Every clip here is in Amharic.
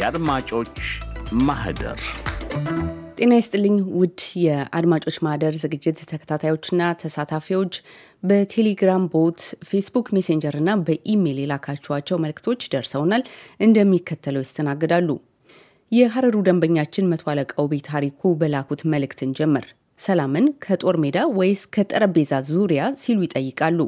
የአድማጮች ማህደር ጤና ይስጥልኝ ውድ የአድማጮች ማህደር ዝግጅት ተከታታዮችና ተሳታፊዎች፣ በቴሌግራም ቦት፣ ፌስቡክ ሜሴንጀርና በኢሜይል የላካችኋቸው መልእክቶች ደርሰውናል፣ እንደሚከተለው ይስተናግዳሉ። የሀረሩ ደንበኛችን መቶ አለቃው ቤት ታሪኩ በላኩት መልእክትን ጀመር። ሰላምን ከጦር ሜዳ ወይስ ከጠረጴዛ ዙሪያ ሲሉ ይጠይቃሉ።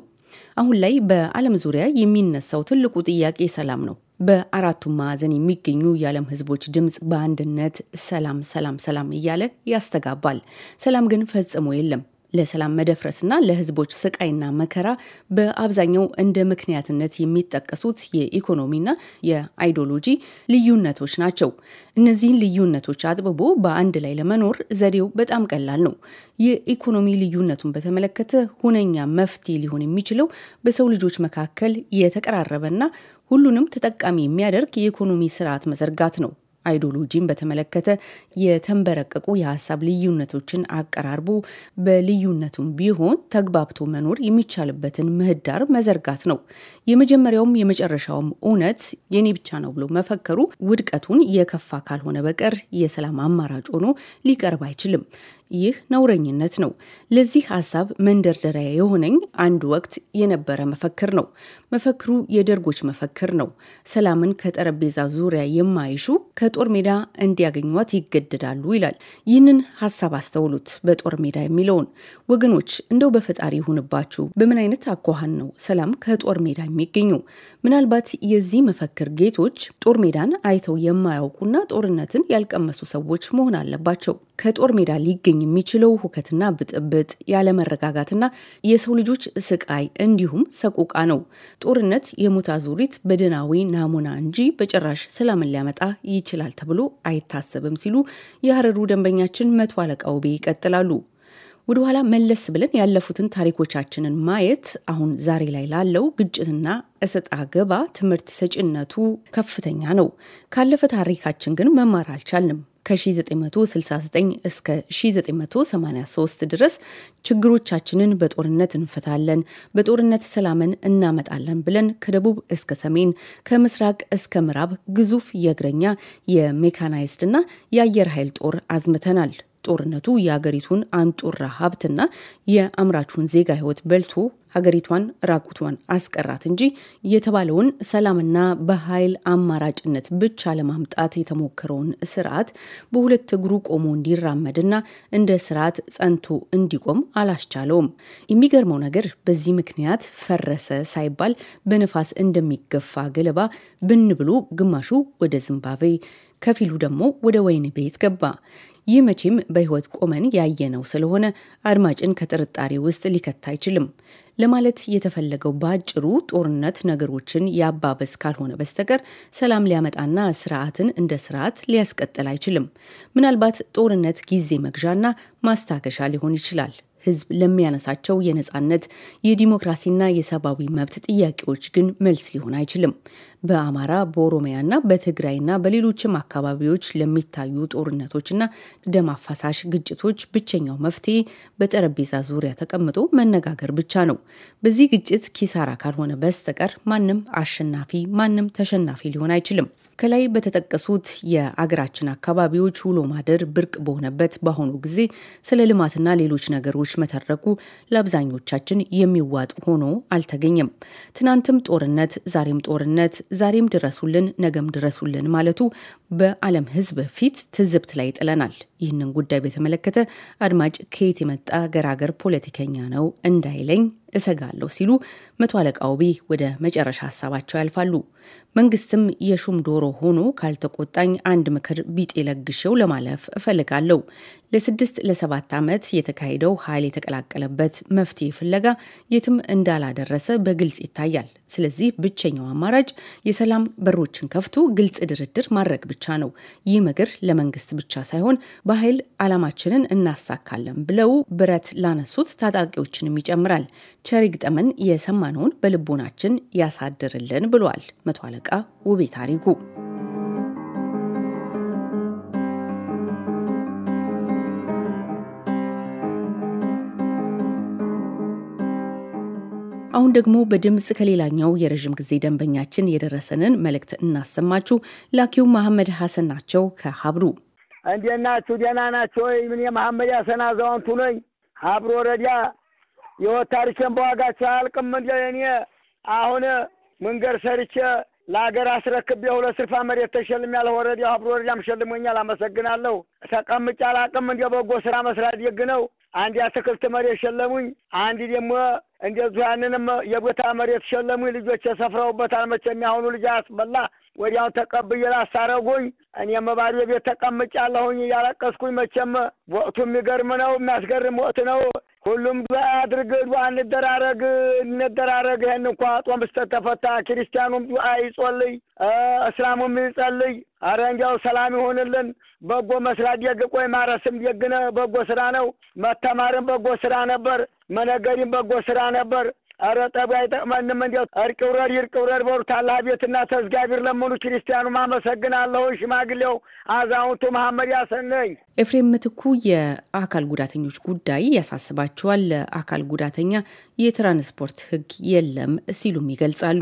አሁን ላይ በዓለም ዙሪያ የሚነሳው ትልቁ ጥያቄ ሰላም ነው። በአራቱም ማዕዘን የሚገኙ የዓለም ህዝቦች ድምፅ በአንድነት ሰላም ሰላም ሰላም እያለ ያስተጋባል። ሰላም ግን ፈጽሞ የለም። ለሰላም መደፍረስና ለህዝቦች ስቃይና መከራ በአብዛኛው እንደ ምክንያትነት የሚጠቀሱት የኢኮኖሚና የአይዲዮሎጂ ልዩነቶች ናቸው። እነዚህን ልዩነቶች አጥብቦ በአንድ ላይ ለመኖር ዘዴው በጣም ቀላል ነው። የኢኮኖሚ ልዩነቱን በተመለከተ ሁነኛ መፍትሄ ሊሆን የሚችለው በሰው ልጆች መካከል የተቀራረበና ሁሉንም ተጠቃሚ የሚያደርግ የኢኮኖሚ ስርዓት መዘርጋት ነው። አይዲዮሎጂን በተመለከተ የተንበረቀቁ የሀሳብ ልዩነቶችን አቀራርቦ በልዩነቱም ቢሆን ተግባብቶ መኖር የሚቻልበትን ምህዳር መዘርጋት ነው። የመጀመሪያውም የመጨረሻውም እውነት የኔ ብቻ ነው ብሎ መፈከሩ ውድቀቱን የከፋ ካልሆነ በቀር የሰላም አማራጭ ሆኖ ሊቀርብ አይችልም። ይህ ነውረኝነት ነው። ለዚህ ሀሳብ መንደርደሪያ የሆነኝ አንድ ወቅት የነበረ መፈክር ነው። መፈክሩ የደርጎች መፈክር ነው። ሰላምን ከጠረጴዛ ዙሪያ የማይሹ ከጦር ሜዳ እንዲያገኟት ይገደዳሉ ይላል። ይህንን ሀሳብ አስተውሉት። በጦር ሜዳ የሚለውን ወገኖች፣ እንደው በፈጣሪ ይሁንባችሁ። በምን አይነት አኳኋን ነው ሰላም ከጦር ሜዳ የሚገኘው? ምናልባት የዚህ መፈክር ጌቶች ጦር ሜዳን አይተው የማያውቁና ጦርነትን ያልቀመሱ ሰዎች መሆን አለባቸው። ከጦር ሜዳ ሊገኙ የሚችለው ሁከትና ብጥብጥ፣ ያለመረጋጋትና የሰው ልጆች ስቃይ እንዲሁም ሰቆቃ ነው። ጦርነት የሞት አዙሪት በደናዊ ናሙና እንጂ በጭራሽ ሰላምን ሊያመጣ ይችላል ተብሎ አይታሰብም ሲሉ የሀረሩ ደንበኛችን መቶ አለቃ ውቤ ይቀጥላሉ። ወደ ኋላ መለስ ብለን ያለፉትን ታሪኮቻችንን ማየት አሁን ዛሬ ላይ ላለው ግጭትና እሰጥ አገባ ትምህርት ሰጪነቱ ከፍተኛ ነው። ካለፈ ታሪካችን ግን መማር አልቻልንም። ከ1969 እስከ 1983 ድረስ ችግሮቻችንን በጦርነት እንፈታለን፣ በጦርነት ሰላምን እናመጣለን ብለን ከደቡብ እስከ ሰሜን፣ ከምስራቅ እስከ ምዕራብ ግዙፍ የእግረኛ የሜካናይዝድ ና የአየር ኃይል ጦር አዝምተናል። ጦርነቱ የሀገሪቱን አንጡራ ሀብትና የአምራቹን ዜጋ ህይወት በልቶ ሀገሪቷን ራቁቷን አስቀራት እንጂ የተባለውን ሰላምና በኃይል አማራጭነት ብቻ ለማምጣት የተሞከረውን ስርዓት በሁለት እግሩ ቆሞ እንዲራመድና እንደ ስርዓት ጸንቶ እንዲቆም አላስቻለውም። የሚገርመው ነገር በዚህ ምክንያት ፈረሰ ሳይባል በነፋስ እንደሚገፋ ገለባ ብን ብሎ ግማሹ ወደ ዚምባብዌ ከፊሉ ደግሞ ወደ ወይን ቤት ገባ። ይህ መቼም በሕይወት ቆመን ያየነው ስለሆነ አድማጭን ከጥርጣሬ ውስጥ ሊከት አይችልም። ለማለት የተፈለገው በአጭሩ ጦርነት ነገሮችን ያባበስ ካልሆነ በስተቀር ሰላም ሊያመጣና ስርዓትን እንደ ስርዓት ሊያስቀጥል አይችልም። ምናልባት ጦርነት ጊዜ መግዣና ማስታገሻ ሊሆን ይችላል። ህዝብ ለሚያነሳቸው የነፃነት የዲሞክራሲና የሰብአዊ መብት ጥያቄዎች ግን መልስ ሊሆን አይችልም። በአማራ በኦሮሚያና በትግራይና በሌሎችም አካባቢዎች ለሚታዩ ጦርነቶችና ደም አፋሳሽ ግጭቶች ብቸኛው መፍትሄ በጠረጴዛ ዙሪያ ተቀምጦ መነጋገር ብቻ ነው። በዚህ ግጭት ኪሳራ ካልሆነ በስተቀር ማንም አሸናፊ ማንም ተሸናፊ ሊሆን አይችልም። ከላይ በተጠቀሱት የአገራችን አካባቢዎች ውሎ ማደር ብርቅ በሆነበት በአሁኑ ጊዜ ስለ ልማትና ሌሎች ነገሮች መተረኩ ለአብዛኞቻችን የሚዋጥ ሆኖ አልተገኘም። ትናንትም ጦርነት፣ ዛሬም ጦርነት፣ ዛሬም ድረሱልን፣ ነገም ድረሱልን ማለቱ በዓለም ሕዝብ ፊት ትዝብት ላይ ጥለናል። ይህንን ጉዳይ በተመለከተ አድማጭ ከየት የመጣ ገራገር ፖለቲከኛ ነው እንዳይለኝ እሰጋለሁ ሲሉ መቶ አለቃ ውቤ ወደ መጨረሻ ሀሳባቸው ያልፋሉ። መንግስትም የሹም ዶሮ ሆኖ ካልተቆጣኝ አንድ ምክር ቢጤ ለግሼው ለማለፍ እፈልጋለሁ። ለስድስት ለሰባት ዓመት የተካሄደው ኃይል የተቀላቀለበት መፍትሄ ፍለጋ የትም እንዳላደረሰ በግልጽ ይታያል። ስለዚህ ብቸኛው አማራጭ የሰላም በሮችን ከፍቶ ግልጽ ድርድር ማድረግ ብቻ ነው። ይህ መግር ለመንግስት ብቻ ሳይሆን በኃይል ዓላማችንን እናሳካለን ብለው ብረት ላነሱት ታጣቂዎችንም ይጨምራል። ቸሪግ ጠመን የሰማነውን በልቦናችን ያሳድርልን ብሏል መቶ አለቃ ውቤ ታሪኩ። አሁን ደግሞ በድምፅ ከሌላኛው የረዥም ጊዜ ደንበኛችን የደረሰንን መልእክት እናሰማችሁ። ላኪው መሐመድ ሐሰን ናቸው ከሀብሩ። እንዴት ናችሁ? ደህና ናቸው ወይ? ምን መሐመድ ሐሰን አዛውንቱ ነኝ። ሀብሩ ወረዳ የወታሪችን በዋጋቸው አልቅም እንደ እኔ አሁን መንገድ ሰርቼ ለሀገር አስረክብ ሁለት ስርፋ መሬት ተሸልም ያለ ወረዳው ሀብሩ ወረዳም ሸልሞኛል። አመሰግናለሁ። ተቀምጬ አላቅም። እንደ በጎ ስራ መስራት ደግ ነው። አንድ የአትክልት መሬት ሸለሙኝ። አንድ ደግሞ እንደዚሁ ያንንም የቦታ መሬት ሸለሙኝ። ልጆች የሰፍረውበታል። መቼም ያሁኑ ልጅ አስበላ ወዲያውን ተቀብዬ ላሳረጉኝ። እኔም ባዶ ቤት ተቀምጫለሁኝ እያለቀስኩኝ። መቼም ወቅቱ የሚገርም ነው፣ የሚያስገርም ወቅት ነው። ሁሉም አድርግ፣ ዱዓ እንደራረግ እንደራረግ። ይህን እንኳ ጦም ስተተፈታ ክርስቲያኑም ዱዓ ይጾልይ፣ እስላሙም ይጸልይ። አረ እንዲያው ሰላም ይሆንልን። በጎ መስራት ደግ፣ ቆይ ማረስም ደግነ በጎ ስራ ነው። መተማርም በጎ ስራ ነበር። መነገድም በጎ ስራ ነበር። አረ ጠባይ ጠቅመንም እንዲያው እርቅ ውረድ ይርቅ ውረድ በሩ ታላ ቤትና ተዝጋቢር ለመኑ ክርስቲያኑ አመሰግናለሁ። ሽማግሌው አዛውንቱ መሐመድ ያሰነኝ ኤፍሬም ምትኩ የአካል ጉዳተኞች ጉዳይ ያሳስባቸዋል። ለአካል ጉዳተኛ የትራንስፖርት ህግ የለም ሲሉም ይገልጻሉ።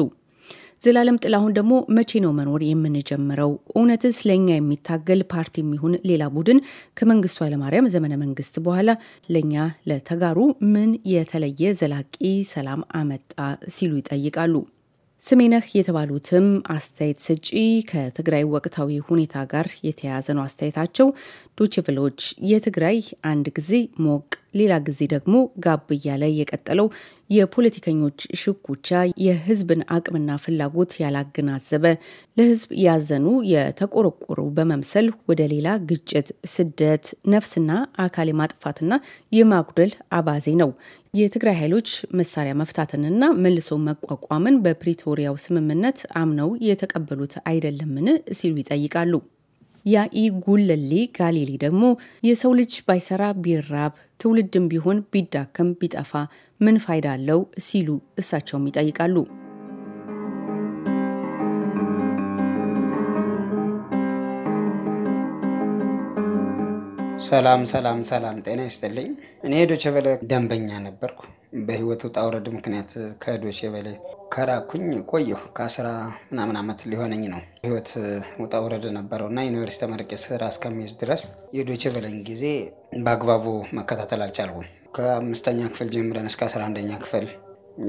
ዘላለም ጥላሁን ደግሞ መቼ ነው መኖር የምንጀምረው? እውነትስ ለእኛ የሚታገል ፓርቲ የሚሆን ሌላ ቡድን ከመንግስቱ ኃይለማርያም ዘመነ መንግስት በኋላ ለእኛ ለተጋሩ ምን የተለየ ዘላቂ ሰላም አመጣ ሲሉ ይጠይቃሉ። ስሜነህ የተባሉትም አስተያየት ሰጪ ከትግራይ ወቅታዊ ሁኔታ ጋር የተያያዘ ነው። አስተያየታቸው ዶችቭሎች የትግራይ አንድ ጊዜ ሞቅ ሌላ ጊዜ ደግሞ ጋብ እያለ የቀጠለው የፖለቲከኞች ሽኩቻ የህዝብን አቅምና ፍላጎት ያላገናዘበ ለህዝብ ያዘኑ የተቆረቆሩ በመምሰል ወደ ሌላ ግጭት፣ ስደት፣ ነፍስና አካል የማጥፋትና የማጉደል አባዜ ነው። የትግራይ ኃይሎች መሳሪያ መፍታትንና መልሶ መቋቋምን በፕሪቶሪያው ስምምነት አምነው የተቀበሉት አይደለምን ሲሉ ይጠይቃሉ። ያኢ ጉለሌ ጋሊሊ ደግሞ የሰው ልጅ ባይሰራ ቢራብ ትውልድም ቢሆን ቢዳከም ቢጠፋ ምን ፋይዳ አለው ሲሉ እሳቸውም ይጠይቃሉ። ሰላም ሰላም ሰላም፣ ጤና ይስጥልኝ። እኔ ዶቼ ቬለ ደንበኛ ነበርኩ። በህይወት ውጣ ውረድ ምክንያት ከዶቼ ቬለ ከራኩኝ ቆየሁ። ከአስራ ምናምን ዓመት ሊሆነኝ ነው። ህይወት ውጣ ውረድ ነበረው እና ዩኒቨርሲቲ ተመርቄ ስራ እስከሚይዝ ድረስ የዶቼ ቬለን ጊዜ በአግባቡ መከታተል አልቻልኩም። ከአምስተኛ ክፍል ጀምረን እስከ አስራ አንደኛ ክፍል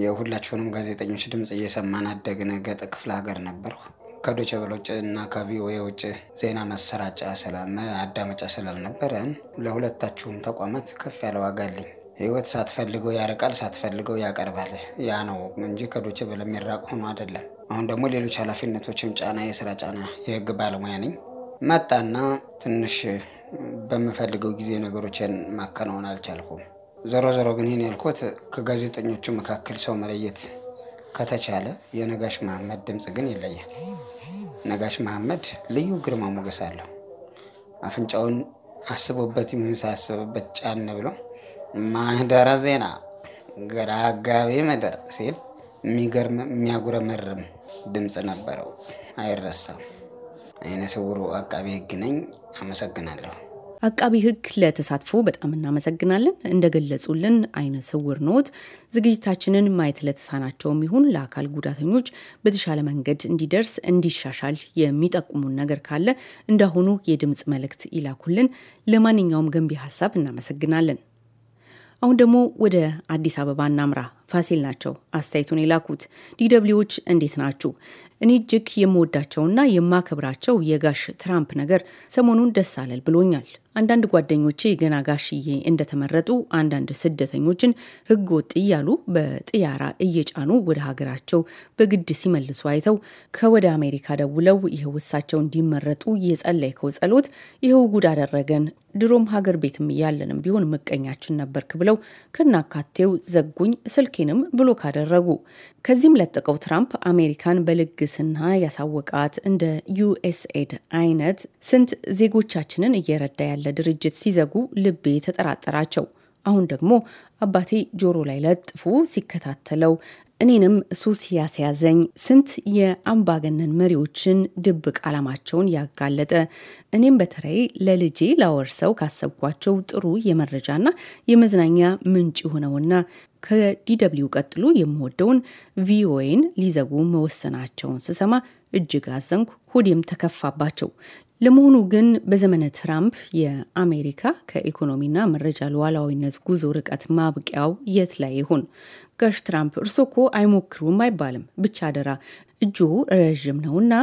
የሁላችሁንም ጋዜጠኞች ድምፅ እየሰማን አደግን። ገጠ ክፍለ ሀገር ነበርኩ። ከዶቼ ቬለ ውጭ እና ከቪኦኤ ውጭ ዜና መሰራጫ ስለ አዳመጫ ስላልነበረን ለሁለታችሁም ተቋማት ከፍ ያለ ዋጋ አለኝ። ህይወት ሳትፈልገው ያርቃል፣ ሳትፈልገው ያቀርባል። ያ ነው እንጂ ከዶች ቬለ የሚራቅ ሆኖ አይደለም። አሁን ደግሞ ሌሎች ኃላፊነቶችም ጫና፣ የስራ ጫና፣ የህግ ባለሙያ ነኝ መጣና ትንሽ በምፈልገው ጊዜ ነገሮችን ማከናወን አልቻልኩም። ዞሮ ዞሮ ግን ይህን ያልኩት ከጋዜጠኞቹ መካከል ሰው መለየት ከተቻለ የነጋሽ መሐመድ ድምፅ ግን ይለያል። ነጋሽ መሐመድ ልዩ ግርማ ሞገስ አለው። አፍንጫውን አስቦበት ይሁን ሳያስብበት ጫን ማህደረ ዜና ግራ አጋቢ ምድር ሲል የሚገርም የሚያጉረመርም ድምፅ ነበረው፣ አይረሳም። አይነ ስውሩ አቃቢ ህግ ነኝ። አመሰግናለሁ። አቃቢ ህግ ለተሳትፎ በጣም እናመሰግናለን። እንደገለጹልን አይነ ስውር ኖት ዝግጅታችንን ማየት ለተሳናቸውም ይሁን ለአካል ጉዳተኞች በተሻለ መንገድ እንዲደርስ እንዲሻሻል የሚጠቁሙን ነገር ካለ እንዳሁኑ የድምፅ መልእክት ይላኩልን። ለማንኛውም ገንቢ ሀሳብ እናመሰግናለን። አሁን ደግሞ ወደ አዲስ አበባ እናምራ። ፋሲል ናቸው አስተያየቱን የላኩት። ዲደብሊዎች እንዴት ናችሁ? እኔ እጅግ የምወዳቸውና የማከብራቸው የጋሽ ትራምፕ ነገር ሰሞኑን ደስ አለል ብሎኛል። አንዳንድ ጓደኞቼ ገና ጋሽዬ እንደተመረጡ አንዳንድ ስደተኞችን ሕገ ወጥ እያሉ በጥያራ እየጫኑ ወደ ሀገራቸው በግድ ሲመልሱ አይተው ከወደ አሜሪካ ደውለው ይኸው እሳቸው እንዲመረጡ የጸለይከው ጸሎት ይኸው ጉድ አደረገን፣ ድሮም ሀገር ቤትም እያለንም ቢሆን ምቀኛችን ነበርክ ብለው ከናካቴው ዘጉኝ፣ ስልክ ኔትወርኬንም ብሎክ አደረጉ። ከዚህም ለጥቀው ትራምፕ አሜሪካን በልግስና ያሳወቃት እንደ ዩኤስኤድ አይነት ስንት ዜጎቻችንን እየረዳ ያለ ድርጅት ሲዘጉ ልቤ ተጠራጠራቸው። አሁን ደግሞ አባቴ ጆሮ ላይ ለጥፉ ሲከታተለው እኔንም ሱስ ያስያዘኝ ስንት የአምባገነን መሪዎችን ድብቅ ዓላማቸውን ያጋለጠ እኔም በተለይ ለልጄ ላወርሰው ካሰብኳቸው ጥሩ የመረጃና የመዝናኛ ምንጭ የሆነውና ከዲደብሊው ቀጥሎ የምወደውን ቪኦኤን ሊዘጉ መወሰናቸውን ስሰማ እጅግ አዘንኩ፣ ሆዴም ተከፋባቸው። ለመሆኑ ግን በዘመነ ትራምፕ የአሜሪካ ከኢኮኖሚና መረጃ ሉዓላዊነት ጉዞ ርቀት ማብቂያው የት ላይ ይሆን? ጋሽ ትራምፕ እርስዎ እኮ አይሞክሩም አይባልም፣ ብቻ አደራ እጁ ረዥም ነውና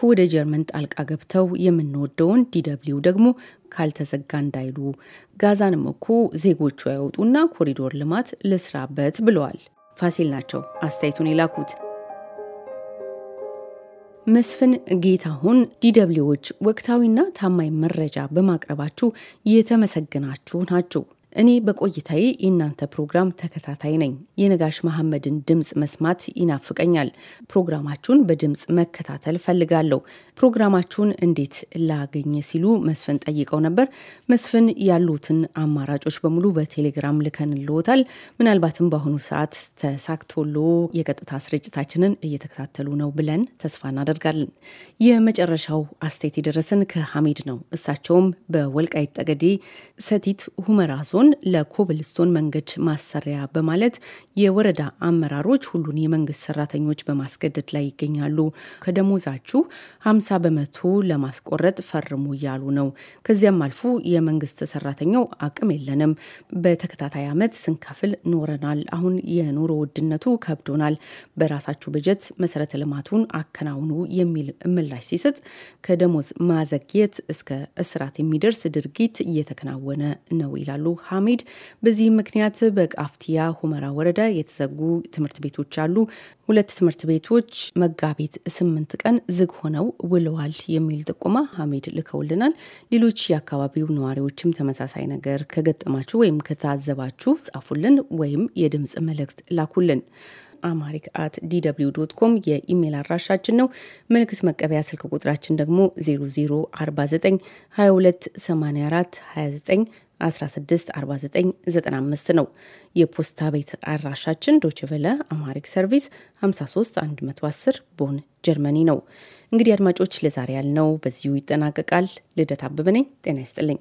ከወደ ጀርመን ጣልቃ ገብተው የምንወደውን ዲደብሊው ደግሞ ካልተዘጋ እንዳይሉ፣ ጋዛንም እኮ ዜጎቹ ያወጡና ኮሪዶር ልማት ልስራበት ብለዋል። ፋሲል ናቸው አስተያየቱን የላኩት። መስፍን ጌታሁን ዲደብሊዎች ወቅታዊና ታማኝ መረጃ በማቅረባችሁ የተመሰገናችሁ ናችሁ። እኔ በቆይታዬ የእናንተ ፕሮግራም ተከታታይ ነኝ። የነጋሽ መሐመድን ድምፅ መስማት ይናፍቀኛል። ፕሮግራማችሁን በድምፅ መከታተል ፈልጋለሁ። ፕሮግራማችሁን እንዴት ላገኘ ሲሉ መስፍን ጠይቀው ነበር። መስፍን ያሉትን አማራጮች በሙሉ በቴሌግራም ልከንልዎታል። ምናልባትም በአሁኑ ሰዓት ተሳክቶሎ የቀጥታ ስርጭታችንን እየተከታተሉ ነው ብለን ተስፋ እናደርጋለን። የመጨረሻው አስተያየት የደረሰን ከሐሜድ ነው። እሳቸውም በወልቃይት ጠገዴ ሰቲት ሁመራ ዞን ቦታውን ለኮብልስቶን መንገድ ማሰሪያ በማለት የወረዳ አመራሮች ሁሉን የመንግስት ሰራተኞች በማስገደድ ላይ ይገኛሉ። ከደሞዛችሁ 50 በመቶ ለማስቆረጥ ፈርሙ እያሉ ነው። ከዚያም አልፎ የመንግስት ሰራተኛው አቅም የለንም፣ በተከታታይ ዓመት ስንከፍል ኖረናል። አሁን የኑሮ ውድነቱ ከብዶናል። በራሳችሁ በጀት መሰረተ ልማቱን አከናውኑ የሚል ምላሽ ሲሰጥ ከደሞዝ ማዘግየት እስከ እስራት የሚደርስ ድርጊት እየተከናወነ ነው ይላሉ ሐሚድ በዚህም ምክንያት በቃፍቲያ ሁመራ ወረዳ የተዘጉ ትምህርት ቤቶች አሉ። ሁለት ትምህርት ቤቶች መጋቢት ስምንት ቀን ዝግ ሆነው ውለዋል የሚል ጥቁማ ሐሚድ ልከውልናል። ሌሎች የአካባቢው ነዋሪዎችም ተመሳሳይ ነገር ከገጠማችሁ ወይም ከታዘባችሁ ጻፉልን ወይም የድምፅ መልእክት ላኩልን። አማሪክ አት ዲw ዶት ኮም የኢሜይል አድራሻችን ነው። ምልክት መቀበያ ስልክ ቁጥራችን ደግሞ 0049 2284 29 1649 ነው። የፖስታ ቤት አድራሻችን ዶችቨለ አማሪክ ሰርቪስ 53110 ቦን ጀርመኒ ነው። እንግዲህ አድማጮች ለዛሬ ያልነው በዚሁ ይጠናቀቃል። ልደት አበበ ነኝ። ጤና ይስጥልኝ።